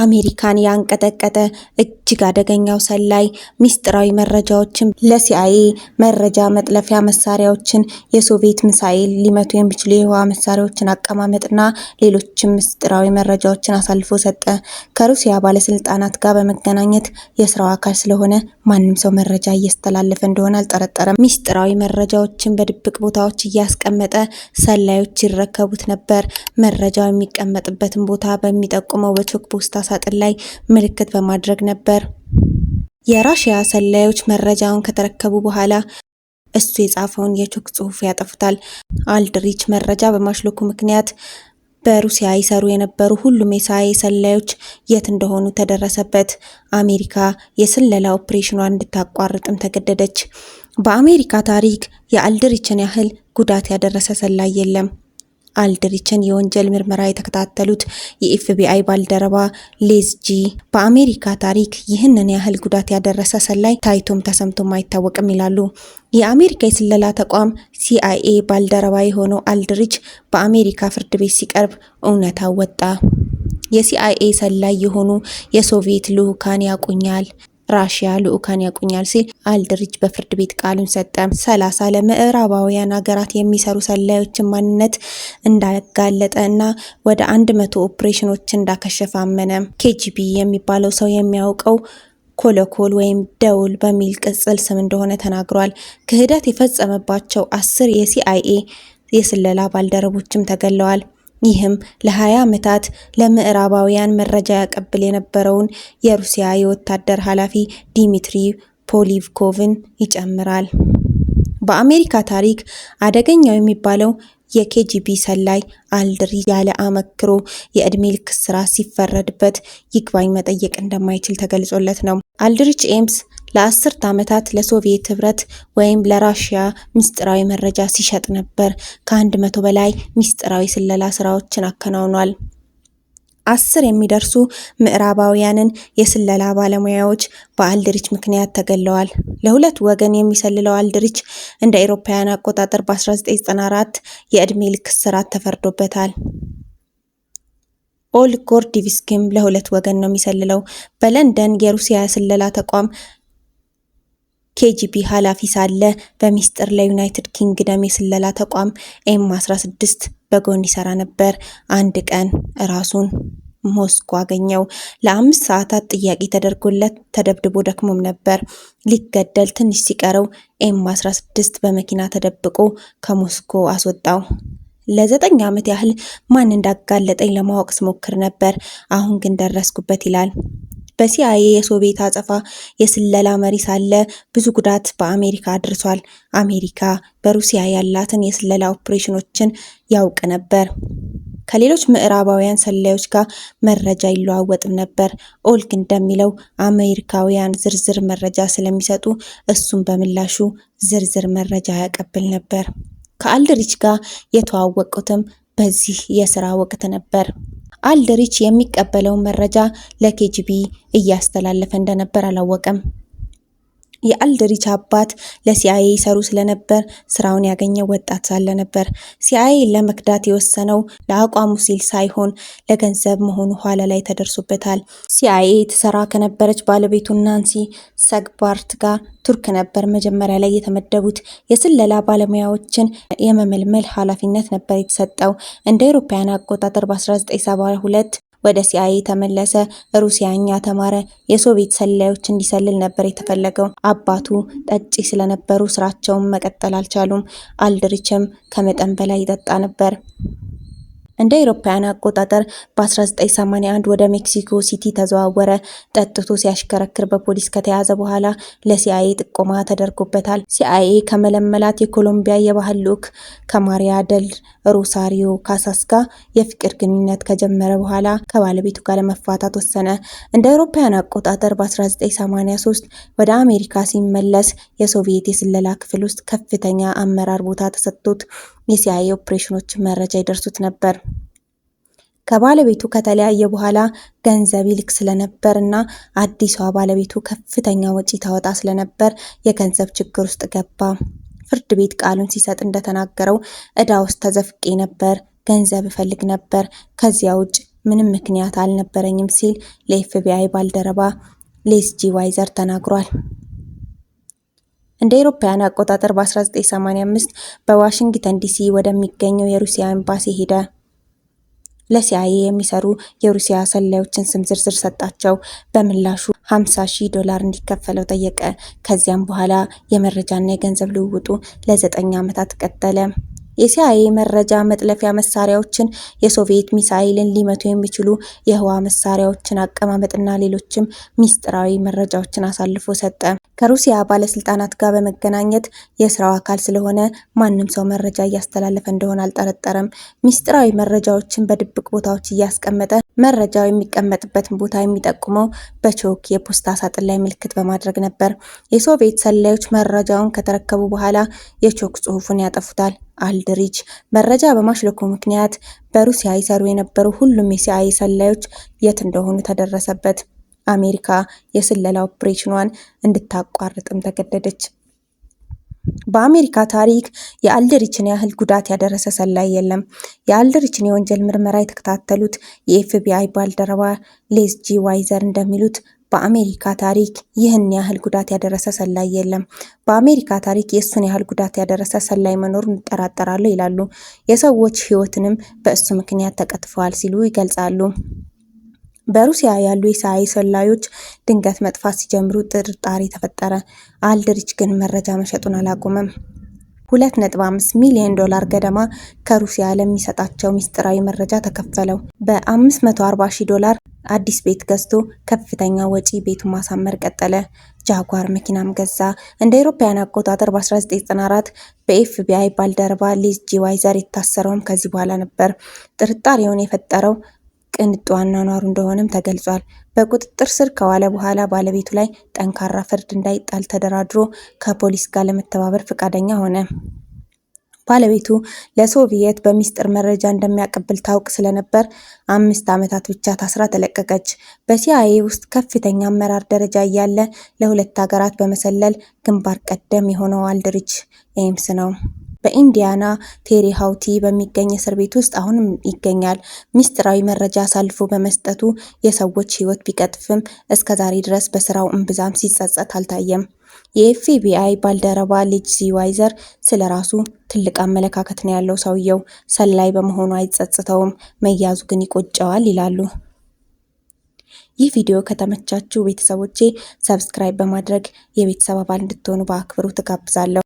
አሜሪካን ያንቀጠቀጠ እጅግ አደገኛው ሰላይ ሚስጥራዊ መረጃዎችን ለሲአይኤ መረጃ መጥለፊያ መሳሪያዎችን፣ የሶቪየት ሚሳኤል ሊመቱ የሚችሉ የህዋ መሳሪያዎችን አቀማመጥና ሌሎችም ምስጢራዊ መረጃዎችን አሳልፎ ሰጠ። ከሩሲያ ባለስልጣናት ጋር በመገናኘት የስራው አካል ስለሆነ ማንም ሰው መረጃ እያስተላለፈ እንደሆነ አልጠረጠረም። ሚስጥራዊ መረጃዎችን በድብቅ ቦታዎች እያስቀመጠ ሰላዮች ይረከቡት ነበር። መረጃው የሚቀመጥበትን ቦታ በሚጠቁመው በቾክ ፖስታ ሳጥን ላይ ምልክት በማድረግ ነበር። የራሽያ ሰላዮች መረጃውን ከተረከቡ በኋላ እሱ የጻፈውን የቾክ ጽሑፍ ያጠፉታል። አልድሪች መረጃ በማሽለኩ ምክንያት በሩሲያ ይሰሩ የነበሩ ሁሉም የሳኤ ሰላዮች የት እንደሆኑ ተደረሰበት። አሜሪካ የስለላ ኦፕሬሽኗን እንድታቋርጥም ተገደደች። በአሜሪካ ታሪክ የአልድሪችን ያህል ጉዳት ያደረሰ ሰላይ የለም። አልድሪችን የወንጀል ምርመራ የተከታተሉት የኤፍቢአይ ባልደረባ ሌዝጂ በአሜሪካ ታሪክ ይህንን ያህል ጉዳት ያደረሰ ሰላይ ታይቶም ተሰምቶም አይታወቅም ይላሉ። የአሜሪካ የስለላ ተቋም ሲአይኤ ባልደረባ የሆነው አልድሪች በአሜሪካ ፍርድ ቤት ሲቀርብ እውነታ ወጣ። የሲአይኤ ሰላይ የሆኑ የሶቪየት ልዑካን ያቁኛል። ራሽያ ልዑካን ያቁኛል ሲል አልድሪች በፍርድ ቤት ቃሉን ሰጠ። ሰላሳ ለምዕራባውያን ሀገራት የሚሰሩ ሰላዮችን ማንነት እንዳጋለጠ እና ወደ አንድ መቶ ኦፕሬሽኖች እንዳከሸፈ አመነ። ኬጂቢ የሚባለው ሰው የሚያውቀው ኮለኮል ወይም ደውል በሚል ቅጽል ስም እንደሆነ ተናግሯል። ክህደት የፈጸመባቸው አስር የሲአይኤ የስለላ ባልደረቦችም ተገለዋል። ይህም ለ20 ዓመታት ለምዕራባውያን መረጃ ያቀብል የነበረውን የሩሲያ የወታደር ኃላፊ ዲሚትሪ ፖሊቭኮቭን ይጨምራል። በአሜሪካ ታሪክ አደገኛው የሚባለው የኬጂቢ ሰላይ አልድሪ ያለ አመክሮ የእድሜ ልክ እስራት ሲፈረድበት ይግባኝ መጠየቅ እንደማይችል ተገልጾለት ነው። አልድሪች ኤምስ ለአስርት ዓመታት ለሶቪየት ህብረት ወይም ለራሽያ ምስጢራዊ መረጃ ሲሸጥ ነበር። ከአንድ መቶ በላይ ምስጢራዊ ስለላ ስራዎችን አከናውኗል። አስር የሚደርሱ ምዕራባውያንን የስለላ ባለሙያዎች በአልድሪች ምክንያት ተገለዋል። ለሁለት ወገን የሚሰልለው አልድሪች እንደ አውሮፓውያን አቆጣጠር በ1994 የዕድሜ ልክ እስራት ተፈርዶበታል። ኦልግ ጎርዲቭስኪም ለሁለት ወገን ነው የሚሰልለው። በለንደን የሩሲያ ስለላ ተቋም ኬጂቢ ኃላፊ ሳለ በሚስጥር ለዩናይትድ ኪንግደም የስለላ ተቋም ኤም 16 በጎን ይሰራ ነበር። አንድ ቀን ራሱን ሞስኮ አገኘው። ለአምስት ሰዓታት ጥያቄ ተደርጎለት ተደብድቦ ደክሞም ነበር። ሊገደል ትንሽ ሲቀረው ኤም 16 በመኪና ተደብቆ ከሞስኮ አስወጣው። ለዘጠኝ ዓመት ያህል ማን እንዳጋለጠኝ ለማወቅ ስሞክር ነበር። አሁን ግን ደረስኩበት ይላል። በሲአይኤ የሶቪየት አጸፋ የስለላ መሪ ሳለ ብዙ ጉዳት በአሜሪካ አድርሷል። አሜሪካ በሩሲያ ያላትን የስለላ ኦፕሬሽኖችን ያውቅ ነበር። ከሌሎች ምዕራባውያን ሰላዮች ጋር መረጃ ይለዋወጥም ነበር። ኦልግ እንደሚለው አሜሪካውያን ዝርዝር መረጃ ስለሚሰጡ እሱም በምላሹ ዝርዝር መረጃ ያቀብል ነበር። ከአልድሪች ጋር የተዋወቁትም በዚህ የስራ ወቅት ነበር። አልድሪች የሚቀበለውን መረጃ ለኬጂቢ እያስተላለፈ እንደነበር አላወቀም። የአልድሪች አባት ለሲአይኤ ይሰሩ ስለነበር ስራውን ያገኘው ወጣት ሳለ ነበር። ሲአይኤ ለመክዳት የወሰነው ለአቋሙ ሲል ሳይሆን ለገንዘብ መሆኑ ኋላ ላይ ተደርሶበታል። ሲአይኤ ትሰራ ከነበረች ባለቤቱ ናንሲ ሰግባርት ጋር ቱርክ ነበር መጀመሪያ ላይ የተመደቡት። የስለላ ባለሙያዎችን የመመልመል ኃላፊነት ነበር የተሰጠው። እንደ አውሮፓውያን አቆጣጠር በ1972 ወደ ሲአይኤ ተመለሰ። ሩሲያኛ ተማረ። የሶቪየት ሰላዮች እንዲሰልል ነበር የተፈለገው። አባቱ ጠጪ ስለነበሩ ስራቸውን መቀጠል አልቻሉም። አልድሪችም ከመጠን በላይ ይጠጣ ነበር። እንደ አውሮፓውያን አቆጣጠር በ1981 ወደ ሜክሲኮ ሲቲ ተዘዋወረ። ጠጥቶ ሲያሽከረክር በፖሊስ ከተያዘ በኋላ ለሲአይኤ ጥቆማ ተደርጎበታል። ሲአይኤ ከመለመላት የኮሎምቢያ የባህል ልዑክ ከማሪያ ደል ሮሳሪዮ ካሳስ ጋር የፍቅር ግንኙነት ከጀመረ በኋላ ከባለቤቱ ጋር ለመፋታት ወሰነ። እንደ አውሮፓውያን አቆጣጠር በ1983 ወደ አሜሪካ ሲመለስ የሶቪየት የስለላ ክፍል ውስጥ ከፍተኛ አመራር ቦታ ተሰጥቶት የሲአይ ኦፕሬሽኖችን መረጃ ይደርሱት ነበር። ከባለቤቱ ከተለያየ በኋላ ገንዘብ ይልክ ስለነበር እና አዲሷ ባለቤቱ ከፍተኛ ወጪ ታወጣ ስለነበር የገንዘብ ችግር ውስጥ ገባ። ፍርድ ቤት ቃሉን ሲሰጥ እንደተናገረው እዳ ውስጥ ተዘፍቄ ነበር፣ ገንዘብ እፈልግ ነበር፣ ከዚያ ውጭ ምንም ምክንያት አልነበረኝም ሲል ለኤፍቢአይ ባልደረባ ሌስጂ ዋይዘር ተናግሯል። እንደ አውሮፓውያን አቆጣጠር በ1985 በዋሽንግተን ዲሲ ወደሚገኘው የሩሲያ ኤምባሲ ሄደ። ለሲአይኤ የሚሰሩ የሩሲያ ሰላዮችን ስም ዝርዝር ሰጣቸው። በምላሹ 50 ሺህ ዶላር እንዲከፈለው ጠየቀ። ከዚያም በኋላ የመረጃና የገንዘብ ልውውጡ ለዘጠኝ ዓመታት ቀጠለ። የሲአይኤ መረጃ መጥለፊያ መሳሪያዎችን፣ የሶቪየት ሚሳይልን ሊመቱ የሚችሉ የህዋ መሳሪያዎችን አቀማመጥና ሌሎችም ሚስጥራዊ መረጃዎችን አሳልፎ ሰጠ። ከሩሲያ ባለስልጣናት ጋር በመገናኘት የስራው አካል ስለሆነ ማንም ሰው መረጃ እያስተላለፈ እንደሆነ አልጠረጠረም። ሚስጢራዊ መረጃዎችን በድብቅ ቦታዎች እያስቀመጠ መረጃው የሚቀመጥበትን ቦታ የሚጠቁመው በቾክ የፖስታ ሳጥን ላይ ምልክት በማድረግ ነበር። የሶቪየት ሰላዮች መረጃውን ከተረከቡ በኋላ የቾክ ጽሑፉን ያጠፉታል። አልድሪች መረጃ በማሽለኩ ምክንያት በሩሲያ ይሰሩ የነበሩ ሁሉም የሲአይኤ ሰላዮች የት እንደሆኑ ተደረሰበት። አሜሪካ የስለላ ኦፕሬሽኗን እንድታቋርጥም ተገደደች። በአሜሪካ ታሪክ የአልደሪችን ያህል ጉዳት ያደረሰ ሰላይ የለም። የአልደሪችን የወንጀል ምርመራ የተከታተሉት የኤፍቢአይ ባልደረባ ሌስጂ ዋይዘር እንደሚሉት በአሜሪካ ታሪክ ይህን ያህል ጉዳት ያደረሰ ሰላይ የለም። በአሜሪካ ታሪክ የእሱን ያህል ጉዳት ያደረሰ ሰላይ መኖሩን እንጠራጠራለሁ ይላሉ። የሰዎች ሕይወትንም በእሱ ምክንያት ተቀጥፈዋል ሲሉ ይገልጻሉ። በሩሲያ ያሉ የሲአይኤ ሰላዮች ድንገት መጥፋት ሲጀምሩ ጥርጣሬ ተፈጠረ። አልድሪች ግን መረጃ መሸጡን አላቆመም። 2.5 ሚሊዮን ዶላር ገደማ ከሩሲያ ለሚሰጣቸው ሚስጥራዊ መረጃ ተከፈለው። በ540 ሺህ ዶላር አዲስ ቤት ገዝቶ ከፍተኛ ወጪ ቤቱን ማሳመር ቀጠለ። ጃጓር መኪናም ገዛ። እንደ አውሮፓውያን አቆጣጠር በ1994 በኤፍቢአይ ባልደረባ ሊዝ ጂ ዋይዘር የታሰረውም ከዚህ በኋላ ነበር። ጥርጣሬውን የፈጠረው ቅንጡ አኗኗሩ እንደሆነም ተገልጿል። በቁጥጥር ስር ከዋለ በኋላ ባለቤቱ ላይ ጠንካራ ፍርድ እንዳይጣል ተደራድሮ ከፖሊስ ጋር ለመተባበር ፈቃደኛ ሆነ። ባለቤቱ ለሶቪየት በሚስጥር መረጃ እንደሚያቀብል ታውቅ ስለነበር አምስት ዓመታት ብቻ ታስራ ተለቀቀች። በሲአይኤ ውስጥ ከፍተኛ አመራር ደረጃ እያለ ለሁለት ሀገራት በመሰለል ግንባር ቀደም የሆነው አልድሪች ኤምስ ነው። በኢንዲያና ቴሪ ሀውቲ በሚገኝ እስር ቤት ውስጥ አሁንም ይገኛል። ሚስጥራዊ መረጃ አሳልፎ በመስጠቱ የሰዎች ህይወት ቢቀጥፍም እስከ ዛሬ ድረስ በስራው እምብዛም ሲጸጸት አልታየም። የኤፍቢአይ ባልደረባ ሌክሲ ዋይዘር ራሱ ትልቅ አመለካከት ነው ያለው ሰውየው ሰላይ በመሆኑ አይጸጽተውም፣ መያዙ ግን ይቆጨዋል ይላሉ። ይህ ቪዲዮ ከተመቻችሁ ቤተሰቦቼ ሰብስክራይብ በማድረግ የቤተሰብ አባል እንድትሆኑ በአክብሮት እጋብዛለሁ።